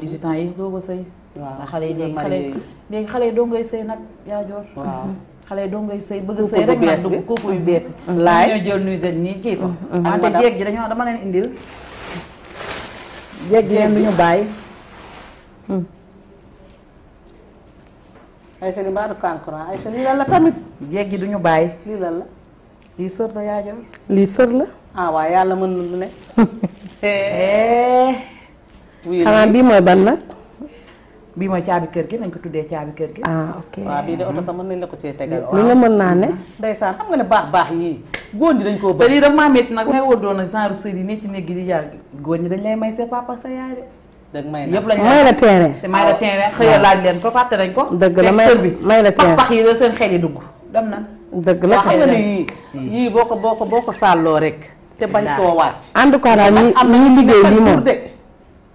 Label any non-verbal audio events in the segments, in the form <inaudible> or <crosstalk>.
18 ans yi doog a sëy. waaw xale yi léegi xale yi léegi xale yi doo ngay sëy nag yaa xale yi doo ngay sëy bëgg sëy rek nag dugg couple yu bees yi. Mm-hmm. laay ñoo jël nuisette nii kii ko. wante mm-hmm. mm-hmm. jeeg ji dañoo dama leen indil. jeeg ji leen bàyyi. i mbaaru kankura ah, ay seen i lan la tamit. jeeg ji lii lan la. lii sër la yaa lii sër la. ah waaw yàlla mën na lu ne. <laughs> Eh. bii xanaa bii mooy ban nag. bii mooy caabi kër gi nañ ko tuddee caabi kër gi. ah ok waaw bii de oto sax ko cee tegal. lu ne mën naa ne. ndeysaan xam nga ne baax baax yii góor ñi dañ koo bëri. te lii dafa maa métti nag ngay wóor doon nag genre ne di yàgg góor ñi dañ lay may sa papa sa yaay de. dëgg may na yëpp lañ may la terrain. te laaj leen fa fàtte ko. dëgg la may may la terrain pax yi la seen xel yi dugg dem na. dëgg la xam yii boo ko boo ko boo ko sàlloo rek te bañ koo waat. en tout cas liggéey lii moom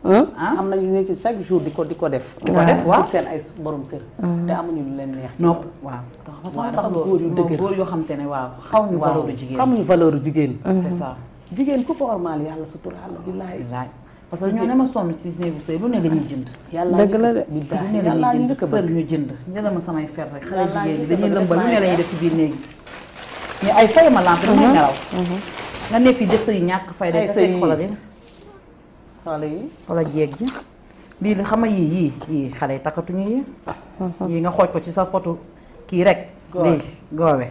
Ah. am na ñu nekk ci chaque jour di ko di ko def. di ko def waaw kër. Ah. te amuñu leen neex. nopp waaw. waaw dafa góor yu dëgg góor yoo xam te ne waaw. xamuñu valeur jigéen xamuñu valeur jigéen. Mm-hmm. c'est ça jigéen ku ko ormaal yàlla suturaal billaay. parce que ñoo ne ma sonn ci néegu sëy lu ne la ñuy jënd. dëgg la de lu la ñuy jënd sër ñu jënd. ñu ne ma samay fer rek xale jigéen ñi dañuy lëmbal lu ne la def ci biir néegi. mais ay fay ma lamp damay mm-hmm. nelaw. Mm-hmm. nga ne fii def sa ñàkk fay de ay sëy xale yi wala jeeg ji lii li xama yii yii yii xale yi takkatuñu yi <laughs> yii nga xooj ko ci sa potu kii rek lii goowe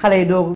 xale yi doogu